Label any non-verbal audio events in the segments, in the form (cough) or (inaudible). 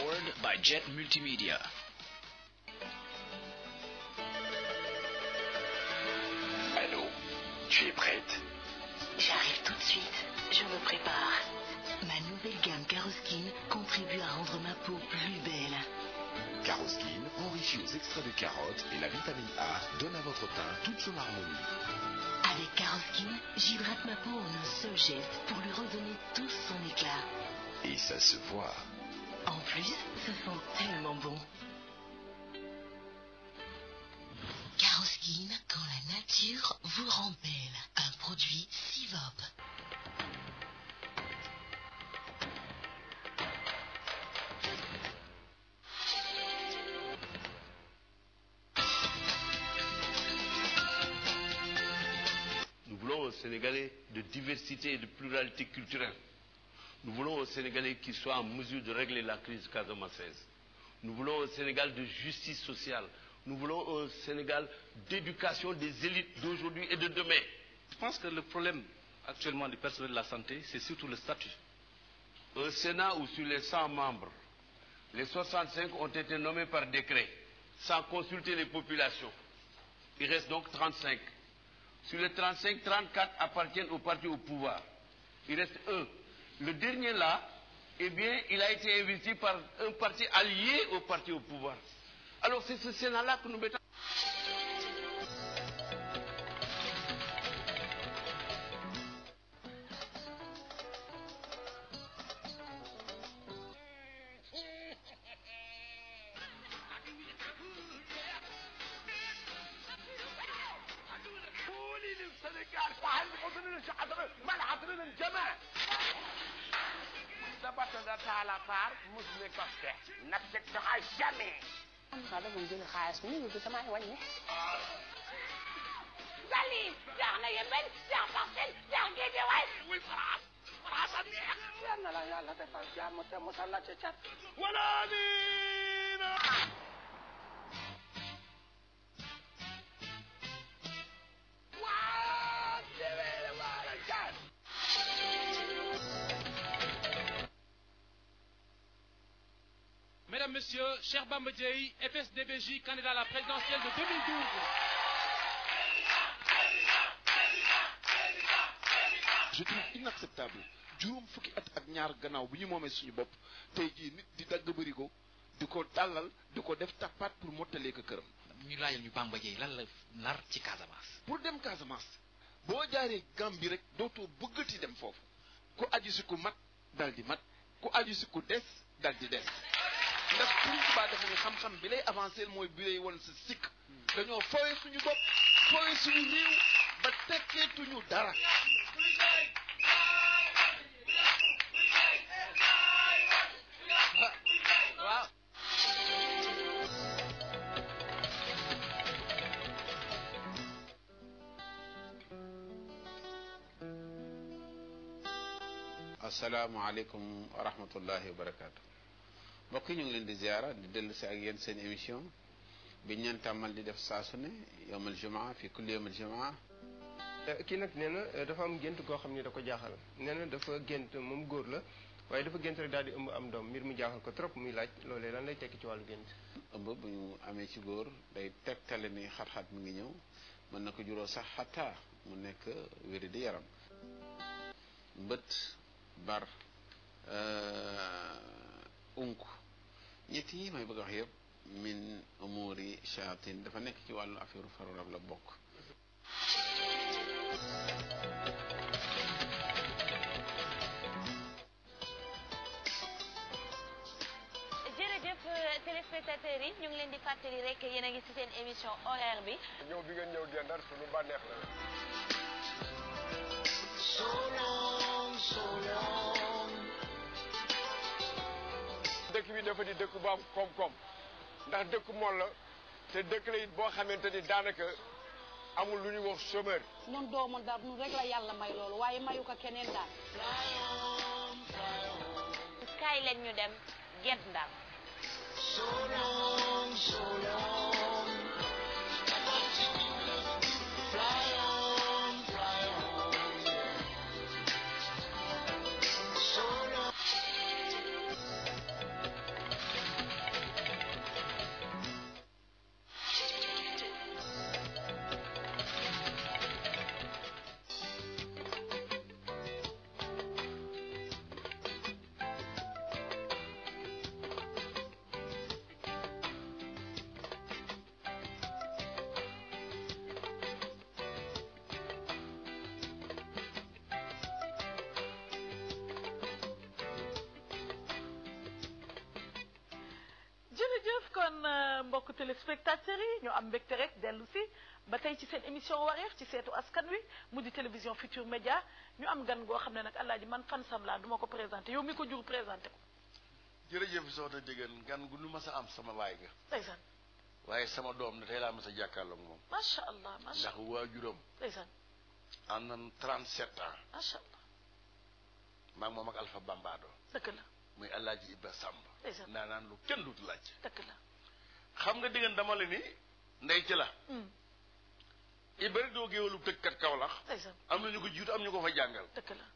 Powered by Jet Multimedia. Allô Tu es prête J'arrive tout de suite. Je me prépare. Ma nouvelle gamme Caroskin contribue à rendre ma peau plus belle. Caroskin, enrichie aux extraits de carottes et la vitamine A, donne à votre teint toute son harmonie. Avec Caroskin, j'hydrate ma peau en un seul geste pour lui redonner tout son éclat. Et ça se voit. En plus, ce sont tellement bon. Caroskin, quand la nature vous rend Un produit Sivop. Nous voulons au Sénégalais de diversité et de pluralité culturelle. Nous voulons aux Sénégalais qui soient en mesure de régler la crise casamançaise. Nous voulons un Sénégal de justice sociale. Nous Sénégal d'éducation des élites d'aujourd'hui et de demain. Je que le problème actuellement du personnel la santé, c'est surtout le statut. Un Sénat où sur les 100 membres, les 65 ont été nommés par décret, sans consulter les populations. Il reste donc 35. Sur les 35, 34 appartiennent au parti au pouvoir. Il reste Le dernier là, eh bien, il a été investi par un parti allié au parti au pouvoir. Alors c'est ce Sénat-là que nous mettons. للسنغال فعل حضن الجمع sabatana taala par muslim koste nabtagtaha jamais maa demoon jëli xaalis mi bi sama wàññi Saly jeex na Yëmbël jeex Parcelles jeex Guédiawaye wuy France France a neex yal na la yàlla defal jàmm te musal la ci cat wala amiin Mesdames, Messieurs, cher Bambadjei, FSDBJ, candidat à la présidentielle de 2012. Je trouve inacceptable juróom fukki at ak ñaar gannaaw bu ñu moomee suñu bopp tey jii nit di dagg bërigo di ko tàllal di ko def tappaat pour mottalee ko këram. ñu laajal ñu Bamba Dieye lan la nar ci Casamance. pour dem Casamance boo jaaree Gambie rek dootoo bëggati dem foofu ku aju si ku mat dal di mat ku aju si ku des dal di des. ndax Sëriñ Tuubaa dafa xam-xam bi lay avancé mooy bi lay won sa sikk dañoo fooye suñu bopp fooye suñu réew ba tekkeetuñu dara waaw asalaamaaleykum wa rahmatullahi wa barakaatu mbokk yi ñu ngi leen di ziara di dellu si ak yéen seen émission bi ñu leen tàmmal di def saa su ne yowmal jumaa fi kulli yowmal jumaa euh, kii nag nee na euh, dafa am gént goo xam ne da ko jaaxal nee dafa gént moom góor la waaye dafa gént rek daal di ëmb am doom mbir mu jaaxal ko trop muy laaj loolee lan lay tekki ci wàllu gént ëmb bu ñu amee ci góor day teg tale ni xat-xat mi ngi ñëw mën na ko juróo sax xataa mu nekk wéri di yaram mbët bar euh, unk ñett yi may bëgg a wax yëpp min umuri shayatin dafa nekk ci wàllu affaire faru rab la bokk téléspectateurs yi ñu ngi leen di fàttali rek yéen a ngi ci seen émission horaire bi ñëw bi ngeen ñëw Guet Ndar suñu bànneex la dëkk bi dafa di dëkk bu kom koom-koom ndax dëkk mool la te dëkk la it boo xamante ni daanaka amul lu ñuy wax chômeur. ñun doomu Ndar ñun rek la yàlla may loolu waaye mayu ko keneen daal. kaay leen ñu dem Guet Ndar. mbokk téléspectateurs yi ñoo am mbégte rek dellu si ba tey ci seen émission wareef ci seetu askan wi mu di télévision Futur Média ñu am gan goo xam ne nag Alaaji man fan sam laa du ko présenté yow mi ko jur présenté ko jërëjëf soxna Dégane gan gu nu mas a am sama waay nga ndeysaan waaye sama doom ne tey laa mas a jàkkaarloog moom macha allah macha allah ndax waajuram ndeysaan am na 37 ans macha allah maa ngi moom ak Alpha Bambado dëgg la muy Alaaji Ibra Samb ndaa naan lu kenn dut laaj dëgg la xam nga diggante dama la ni ndey ci la. Hmm. i bëri doo géewalu tëkkat kawlax am na ñu ko jiitu am ñu ko fa jàngal. dëkk la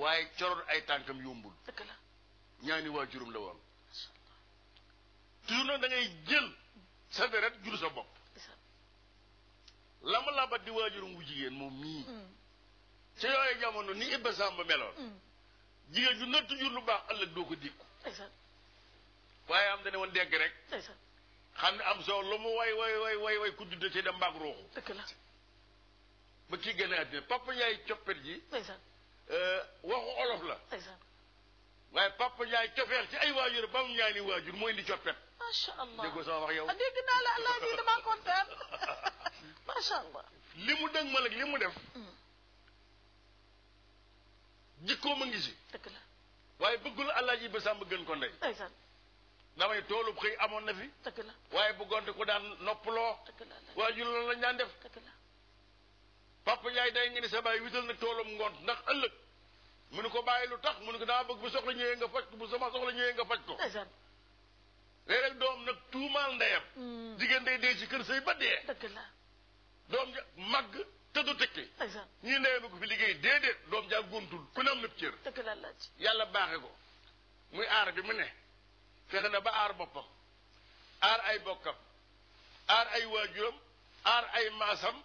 waaye coroon ay tànkam yombul. dëkk la ñaani waajurum la woon. toujours na da ngay jël sa deret jur sa bopp. lama labat di waajurum wu jigéen moom mii. Hmm. ca yooyu jamono ni Ibba Samba meloon. Hmm. jigéen ju nëtt jur lu baax ëllëg doo ko dikku. waaye am da ne woon dégg rek. xam ne am soo lu mu way way way way way ku dund ci dem mbaag ruuxu dëgg la ba kii gën a àddina Papa Njaay coppet ji euh, waxu olof la waaye Papa Njaay cofeer ci ay waajur ba mu ñaani waajur mooy indi coppet macha allah déggoo sama wax ah, allah (laughs) li mu dëng ma nag li mu def mm. jikkoo ma ngi si dëgg la waaye bëggul allah ji ba sàmm gën ko damay toolub xëy amoon na fi. dëgg la waaye buggoon gonte ko daan noppaloo. dëgg waaye ju loolu lañ daan def. dëgg la papa Ndiaye day ngeen sa baay wital nag toolam ngoon ndax ëllëg mu ne ko bàyyi lu tax mu ne ko daa bëgg bu soxla ñëwee nga faj ko bu sama soxla ñëwee nga faj ko. léeg-léeg doom nag tuumaal ndeyam. Hmm. jigéen day dee ci kër say ba dee. dëgg doom ja màgg te du tekki. ñii ndeyam ko fi liggéey déedéet doom ja gontul ku ne am lépp cër. dëgg la yàlla baaxe ko muy aar bi mu ne. fexe na ba aar boppam aar ay bokkam aar ay waajuram aar ay maasam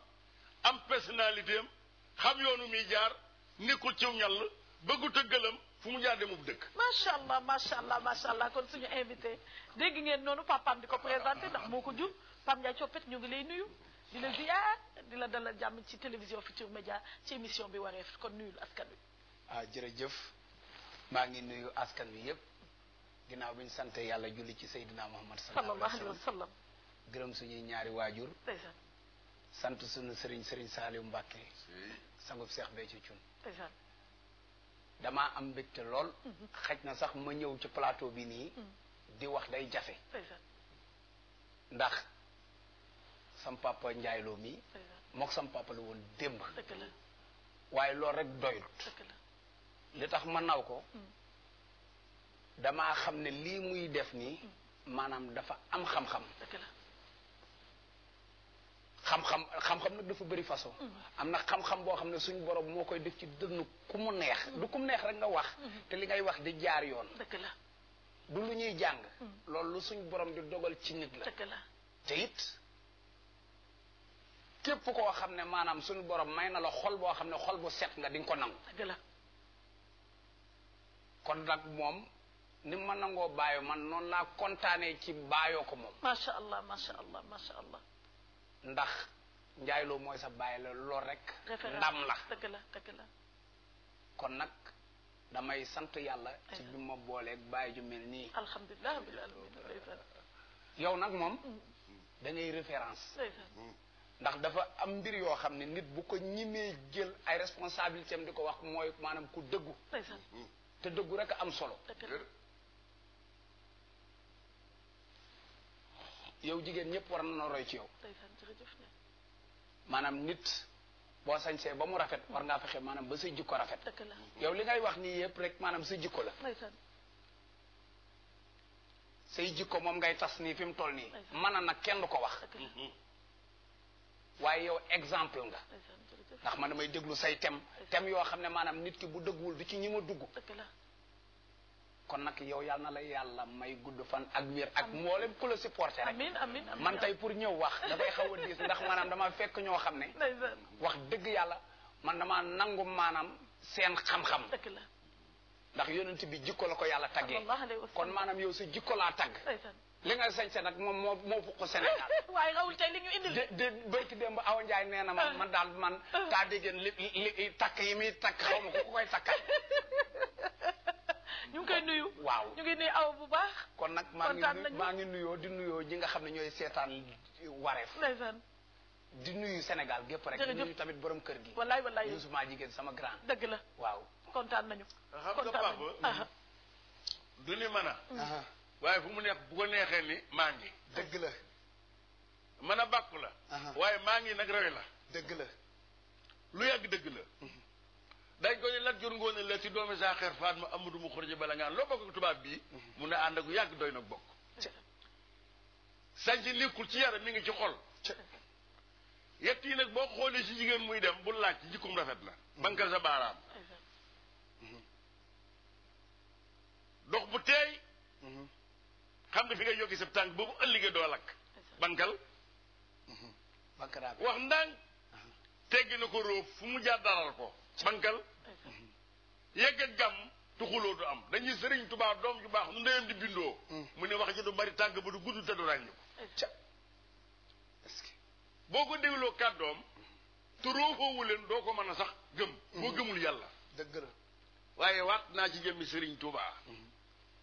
am personnalité am xam yoonu muy jaar nekkul ciw ñàll bëggu tëggalam fu mu jaar demub dëkk. macha allah macha allah macha allah kon suñu invité dégg ngeen noonu papaam di ko présenté ndax moo ko jur Pape Ndiaye Coppet ñu ngi lay nuyu di la ziar di la dala jàmm ci télévision Futur Média ci émission bi wareef kon nuyul askan wi. ah jërëjëf maa ngi nuyu askan wi yëpp. ginnaaw bi ñu sante yàlla julli ci Seydina Muhammad sallallahu alayhi wa sallam gërëm suñuy ñaari waajur sant suñu sëriñ sëriñ Saaliw Mbàkke sangub Seex Béthio Thioune damaa am mbégte lool mhm. xaj na sax ma ñëw ci plateau bi nii mhm. di wax day jafe ndax sam papa Njaay Lo mi mook sam papa la woon démb waaye loolu rek doyut li tax ma naw ko mhm. damaa xam ne lii muy def nii maanaam dafa am xam-xam xam-xam xam nag dafa bari façon mm-hmm. am na xam-xam boo xam ne suñ borom moo koy def ci dënn ku mu neex mm-hmm. du ku mu neex rek nga wax mm-hmm. te li ngay wax di jaar yoon dëgg la du lu ñuy jàng loolu lu suñ borom di dogal ci nit la dëgg te it képp koo xam ne maanaam suñu borom may na la xol boo xam ne xol bu set nga di ko nangu la kon nag moom ni ma nangoo baayo man noonu laa kontaanee ci baayoo ko moom macha allah macha allah macha allah ndax njaay loo mooy sa baay la lool rek ndam la dëgg la la kon nag damay sant yàlla ci bi ma booleeg bàyyi ju mel nii alhamdulilah yow nag moom mm. da ngay référence mm. ndax dafa am mbir yoo xam ne nit bu ko ñimee jël ay responsabilité am di ko wax mooy maanaam ku dëggu mm. te dëggu rek am solo yow jigéen ñëpp war na roy ci yow maanaam nit boo sañsee ba mu rafet war ngaa fexe maanaam ba sa jikko rafet yow li ngay wax nii yëpp rek maanaam sa jikko la say jikko moom ngay tas nii fi mu toll nii mën nag kenn du ko wax mhm. waaye yow exemple nga ndax man may déglu say tem tem yoo xam ne maanaam nit ki bu dëgguwul du ci ñi ma dugg kon nag yow yal na la yàlla may gudd fan ak wér ak mboolem ku la supporté rek amiin amiin man tey pour ñëw wax dafay xaw a diis ndax maanaam dama fekk ñoo xam ne wax dëgg yàlla man dama nangu maanaam seen xam-xam ndax yonent bi jikko la ko yàlla taggee kon maanaam yow sa jikko laa tagg li nga sañse nag moom moo moo fukk Sénégal (laughs) waaye rawul tey li nga indil de de barki démb Awa Ndiaye nee na ma ah. man daal man taa ah. déggéen li takk yi muy takk xaw ma ko koy takkal (laughs) ñu ngi koy nuyu. waaw ñu ngi nuyu aw bu baax. kon nag maa ngi maa ngi nuyoo di nuyoo ñi nga xam ne ñooy seetaan wareef. di nuyu Sénégal gépp rek. di nuyu tamit borom kër gi. wallaay wallaay Youssou maa jigéen sama grand. dëgg la waaw kontaan nañu. kontaan nañu xam du ni mën a. waaye fu mu neex bu ko neexee ni maa ngi. dëgg la. man a bàkku la. waaye maa ngi nag rawe la. dëgg la. lu yàgg dëgg la. Mhm. dañ ko ne Lat Joor Ngoone la ci doomi Saaxeer Fatma Amadou mu xorje bala ngaan loo bokk tubaab bii mun na ànd ak yàgg doy na bokk sañ ci nekkul mi ngi ci xol yi nag boo xoolee ci jigéen muy dem bu laaj ci jikkum rafet la bankal sa baaraam dox bu teey xam nga fi ngay yokki sa tànk boobu ëllëgee doo lakk bankal wax ndànk teggi na ko róof fu mu jaar ko sankal yegg ak gàmm tu xuloo du am dañuy sëriñ tubaa doom ju baax nu ndeyam di bindoo mm. mu ne wax ji du bari tànk ba du gudd te du ràññu ko boo ko dégloo kàddoom te roofoowu leen doo ko mën a sax gëm mm. boo gëmul yàlla dëgg la waaye waat naa ci jëmmi sëriñ tubaa mm-hmm.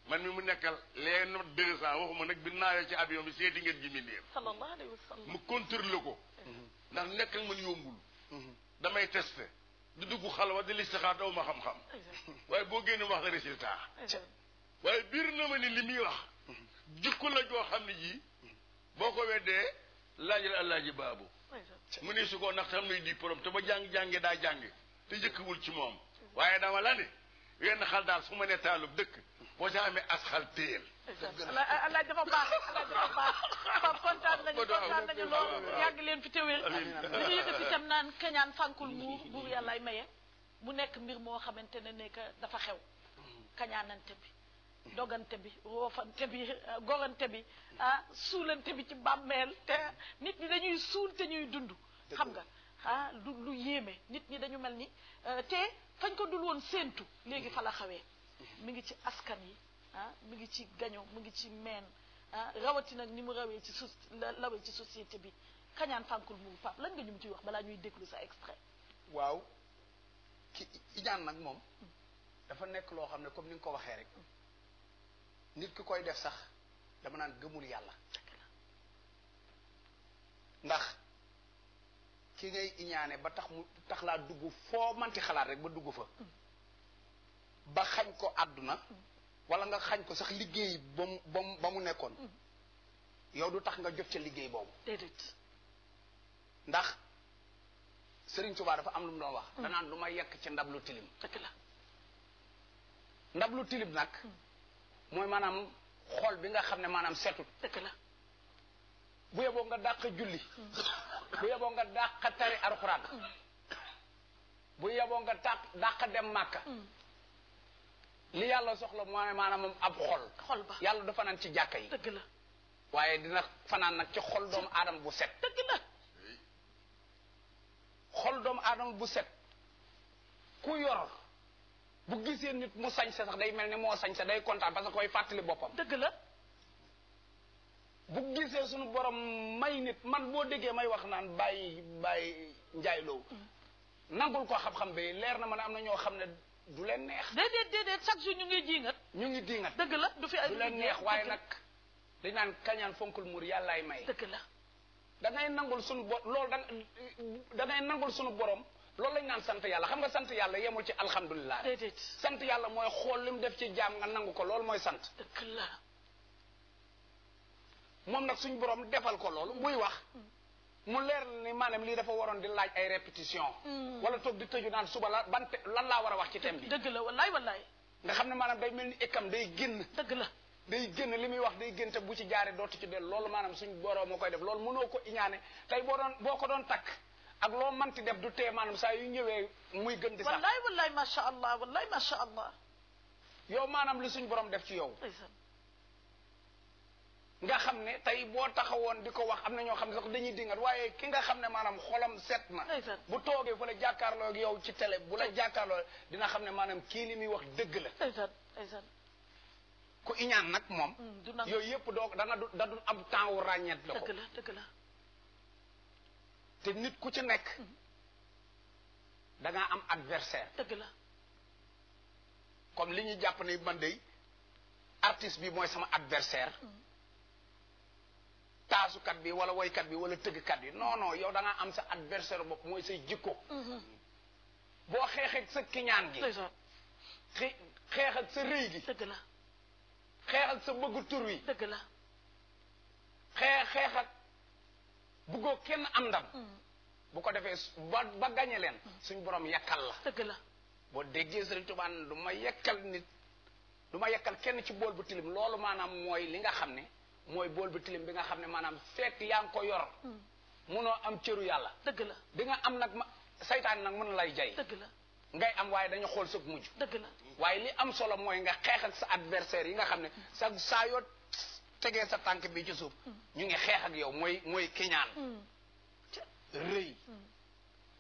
man mi mu nekkal les no deux cent waxuma nag bi naawee ci avion bi seeti ngeen ji mindéer sallallahu alayhi wa sallam mu contrôle ko mm-hmm. ndax nekkal man yombul mm-hmm. damay testé di dugg xalwa di listixaar daw ma xam-xam waaye boo génn wax résultat waaye biir na ma ni li muy wax jikko la joo xam ne ji boo ko weddee laajal àllaaji baabu mu ne su ko ndax xam nay diplôme te ba jàng-jànge daa jàng te jëkkwul ci moom waaye dama la ne wenn xal daal su ma ne taalub dëkk boo ca amee asxal téyel. alaaj dafa baax alaaj dafa baax Pape nañu kontaan nañu yàgg leen fi téwél dañu yëkkati tam naan kañaan fànkul muur yàlla ay maye mu nekk mbir moo xamante ne ne dafa xew kañaanante bi dogante bi roofante bi gorante bi ah suulante bi ci bàmmeel te nit ñi dañuy suul te ñuy dund xam nga ah lu lu yéeme nit ñi dañu mel ni euh, te fañ ko dul woon séentu léegi fa la xawee mi ngi ci askan yi ah mi ngi ci gaño mu ngi ci meen ah rawatina ni mu rawee ci su lawee ci société bi kañaan fànkul mu pap lan nga ñu mu ciy wax balaa ñuy déglu sa extrait waaw ki iñaan nag moom dafa nekk loo xam ne comme ni nga ko waxee rek nit ki koy def sax dama naan gëmul yàlla ndax ki ngay iñaane ba tax mu tax laa dugg foo manti xalaat rek ba dugg fa mm. ba xañ ko àdduna wala nga xañ ko sax liggéey ba mu ba mu nekkoon mm-hmm. yow du tax nga jot ca liggéey boobu déedéet ndax Sëriñ Tuubaa dafa am lum mu doon wax mm-hmm. danaan lu ma yekk ci ndab lu tilim dëgg la ndab lu tilim nag mm-hmm. mooy maanaam xool bi nga xam ne maanaam setut dëgg la bu yeboo nga dàq julli bu yeboo nga dàq tari alxuraan bu yeboo nga tàq dàq dem màkka li yàlla soxla mooy maanaam moom ab xol. xol ba yàlla du fanaan ci jàkka yi. dëgg la waaye dina fanaan nag ci xol doomu adama bu set. dëgg la xol doomu aadama bu set ku yor bu gisee nit mu sañse sax day mel ni moo sañ sa day kontaan parce que koy fàttali boppam. dëgg la. bu gisee suñu borom may nit man boo déggee may wax naan bàyyi bàyyi njaay loowu mm. nangul ko xam-xam bi leer na ma ne am na ñoo xam ne. du leen neex. déedéet déedéet chaque jour ñu ngi jiingat. ñu ngi diingat dëgg la du fi ay. du leen neex waaye nag dañ naan kañaan fonkul muur yàlla yàllaay may. dëgg la da nangul sunu bo loolu da sunu borom. loolu lañ naan sant yàlla xam nga sant yàlla yemul ci alhamdulilah. déedéet sant yàlla mooy xool li mu def ci jaam nga nangu ko loolu mooy sant. dëgg la moom nag suñu borom defal ko loolu muy wax. Hmm. mu leer ni maanaam lii dafa waroon di laaj ay répétition hmm. wala toog di tëju naan suba la ban lan laa war a wax ci thème bi dëgg la wallaay wallaay nga xam ne maanaam day mel ni ikam day génn dëgg la day génn li muy wax day génn te bu ci jaaree dootu ci de lool maanaam suñ borom moo koy def loolu munoo ko iñaane tey boo doon boo ko doon takk ak loo manti def du tee maanaam saa yu ñëwee muy gën di sax wallaay wallaay macha allah wallaay macha allah yow maanaam li suñ borom def ci yow nga xam ne tey boo taxawoon di ko wax am na ñoo xam ne sax dañuy dingat waaye ki nga xam ne maanaam xolam set na bu toogee fa la jàkkaarloo ak yow ci télé bu la jàkkaarloo dina xam ne maanaam kii li muy wax dëgg la ku iñaan nag moom mm, yooyu yëpp doo dana du da du am temps wu ràññeet la ko dëgg te nit ku ci nekk mm. dangaa am adversaire dëgg la comme li ñuy jàpp ne man de artiste bi mooy sama adversaire mm. taasukat bi wala woykat bi wala tëggkat bi non non yow da am sa adversaire bopp mooy say jikko. Mhm. boo xeexeeg sa kiñaan gi. xeex ak sa rëy gi. dëgg ak sa bëgg tur wi. dëgg la. xeex xeex ak buggoo kenn am ndam. Mhm. bu ko defee ba ba leen. Mhm. suñ borom yakkal la. dëgg la boo déggee Sëriñ Tuubaa du ma yakkal nit du ma yakkal kenn ci bool bu tilim loolu maanaam mooy li nga xam ne. mooy bool bu tilim bi nga xam ne maanaam seek yaa ngi ko yor hmm. munoo am cëru yàlla dëgg la di am nag ma seytaan nag mën lay jay dëgg la ngay am waaye dañu xool sa mujj dëgg la waaye li am solo mooy nga xeex ak sa adversaire yi nga xam ne sa saa yoo tegee sa tànk bi ci hmm. ñu ngi xeex ak yow mooy mooy kiñaan hmm. rëy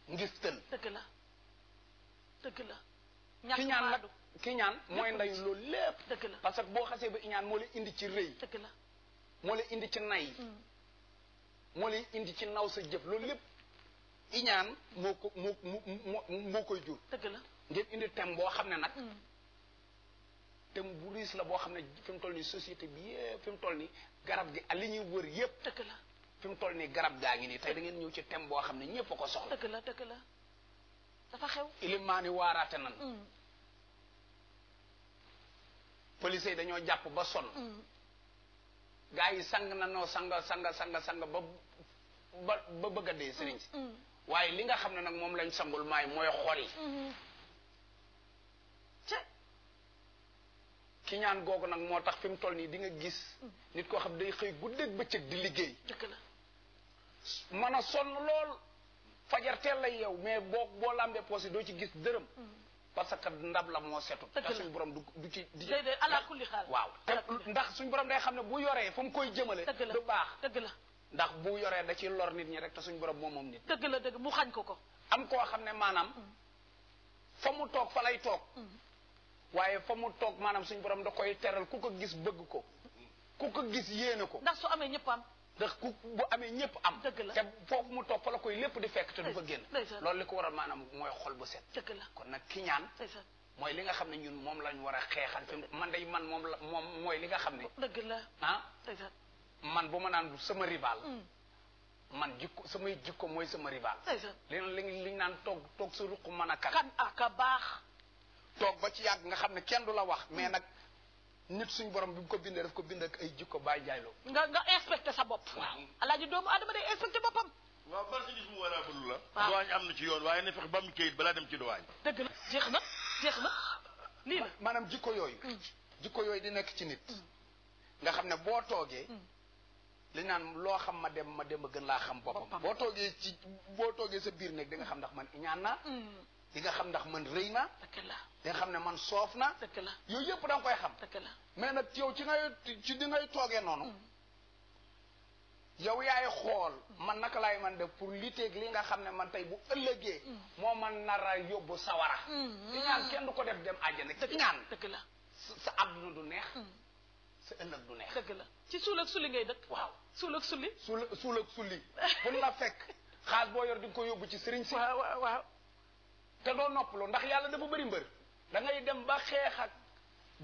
ngistal dëgg la dëgg la kiñaan nag kiñaan mooy ndayu loolu lépp dëgg la parce que boo xasee ba ñaan moo la indi ci rëy dëgg moo lay indi ci nay mm. moo lay indi ci naw sa jëf loolu lépp iñaan moo ko moo moo koy jur dëgg la ngeen indi thème boo xam ne nag mm. thème bu riis la boo xam ne fi mu toll nii société bi yëpp fi mu toll nii garab gi li ñuy wër yëpp dëgg la fi mu toll nii garab gaa ngi nii tey da ngeen ñëw ci thème boo xam ne ñëpp a ko soxla dëgg la dëgg la dafa xew ilimaani waaraate nan mm. police dañoo jàpp ba sonn gaa yi sang na noo sang sang sang sang ba ba ba bëgg a dee sëriñ si mm, mm. waaye li nga xam ne nag moom lañ sangul maay mooy xol yi mm-hmm. ki ñaan googu nag moo tax fi mu toll nii di nga gis mm. nit koo xam day xëy ba bëccëg di liggéey mën a sonn lool fajar teel lay yow mais boo boo lambee poos doo ci gis dërëm parce que ndab la moo setu te suñ borom du du ci di ala kulli xaal waaw ndax suñ borom day xam ne bu yoree fa mu koy jëmale du baax dëgg la ndax bu yoree da ciy lor nit ñi rek te suñ borom moom moom nit dëgg la dëgg mu xañ ko ko am koo xam ne maanaam mm. fa mu toog fa lay toog mm. waaye fa mu toog maanaam suñ borom da koy teral ku ko gis bëgg ko mm. ku ko gis yéene ko ndax su amee ñëpp am ndax ku bu amee ñëpp am te foofu mu topp la koy lépp di fekk te du fa génn loolu li ko waral maanaam mooy xol bu set kon nag ki ñaan mooy li nga xam ne ñun moom lañ war a xeexal fi man day man moom la moom mooy li nga xam ne dëgg la ah man bu ma naan sama rival mm. man jikko samay jikko mooy sama rival li li liñ naan toog toog sa ruq mën a kan ak ka baax toog ba ci yàgg nga xam ne kenn du la wax mais mm. nag nit suñu borom bi mu ko bindee daf ko bind ak ay jikko baay jaay loo nga nga inspecté sa bopp. waaw alaaji doomu adama day inspecté boppam. waaw barke gis mu wala bul la. waaw duwaañ am na ci yoon waaye na fex ba mu kayit balaa dem ci duwaañ. dëgg la jeex na jeex na lii la. maanaam jikko yooyu. Mm. jikko yooyu di nekk ci nit. Mm. nga xam ne boo toogee. Mm. li naan loo xam ma dem ma dem a gën laa xam boppam. boo toogee ci boo toogee sa biir nekk di nga xam ndax man ñaan naa. di nga xam ndax man rëy na di nga xam ne man soof na yooyu yëpp da nga koy xam mais nag yow ci ngay ci di ngay toogee noonu mm. yow yaay xool man naka lay man def pour liteeg li nga xam ne man tey bu ëllëgee mm. moo man nara yóbbu sawara ki mm, ñaan kenn du ko def dem àjjana ki ñaan dëgg la sa àdduna du neex sa ëllëg du neex dëgg la ci suul ak suli ngay dëkk waaw suul ak suli suli bu la fekk xaas boo yor di ko yóbbu ci sëriñ si waaw te doo noppalu ndax yàlla dafa bëri mbër da ngay dem ba xeex ak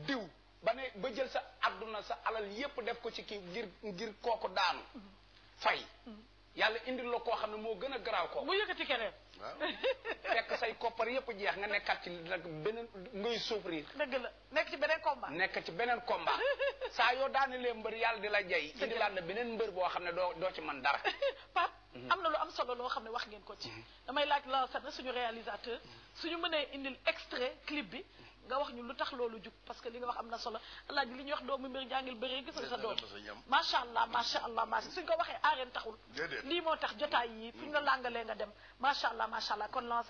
diw ba ne ba jël sa àdduna sa alal yépp def ko ci kii ngir ngir kooku daanu fay yàlla indil la koo xam ne moo gën a garaaw kooku mu yëkkati keneen (laughs) fekk say koppar yépp jeex nga nekkaat ci nag beneen ngay souffrir dëgg la nekk ci beneen combat nekk ci beneen combat (laughs) saa yoo daane lee mbër yàlla di la jay indilaat la beneen mbër boo xam ne doo doo ci mën dara (laughs) am na lu am solo loo xam ne wax ngeen ko ci. Mm-hmm. damay laaj Lansana suñu réalisateur mm-hmm. suñu mënee indil extrait clip bi mm-hmm. nga wax ñu lu tax loolu jug parce que li nga wax am na solo laaj li ñuy wax doomu mbir jàngil bëree gis nga sa doom. macha allah macha allah macha suñ ko waxee aareen taxul. lii moo tax jotaay yi fuñ la làngalee nga dem macha allah macha allah kon na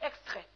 extrait.